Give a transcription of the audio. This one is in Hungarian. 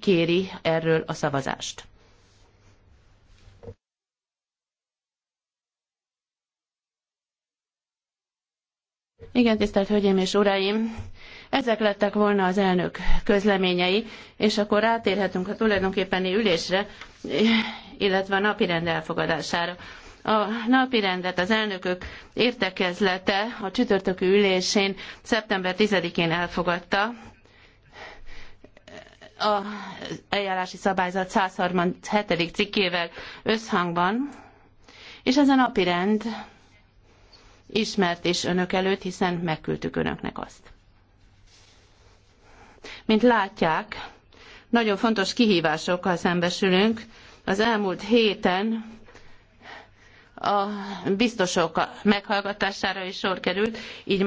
kéri erről a szavazást. Igen, tisztelt Hölgyeim és Uraim! Ezek lettek volna az elnök közleményei, és akkor rátérhetünk a tulajdonképpeni ülésre, illetve a napirend elfogadására. A napirendet az elnökök értekezlete a csütörtökű ülésén szeptember 10-én elfogadta, a eljárási szabályzat 137. cikkével összhangban, és ez a napi rend ismert is önök előtt, hiszen megküldtük önöknek azt. Mint látják, nagyon fontos kihívásokkal szembesülünk. Az elmúlt héten a biztosok meghallgatására is sor került, így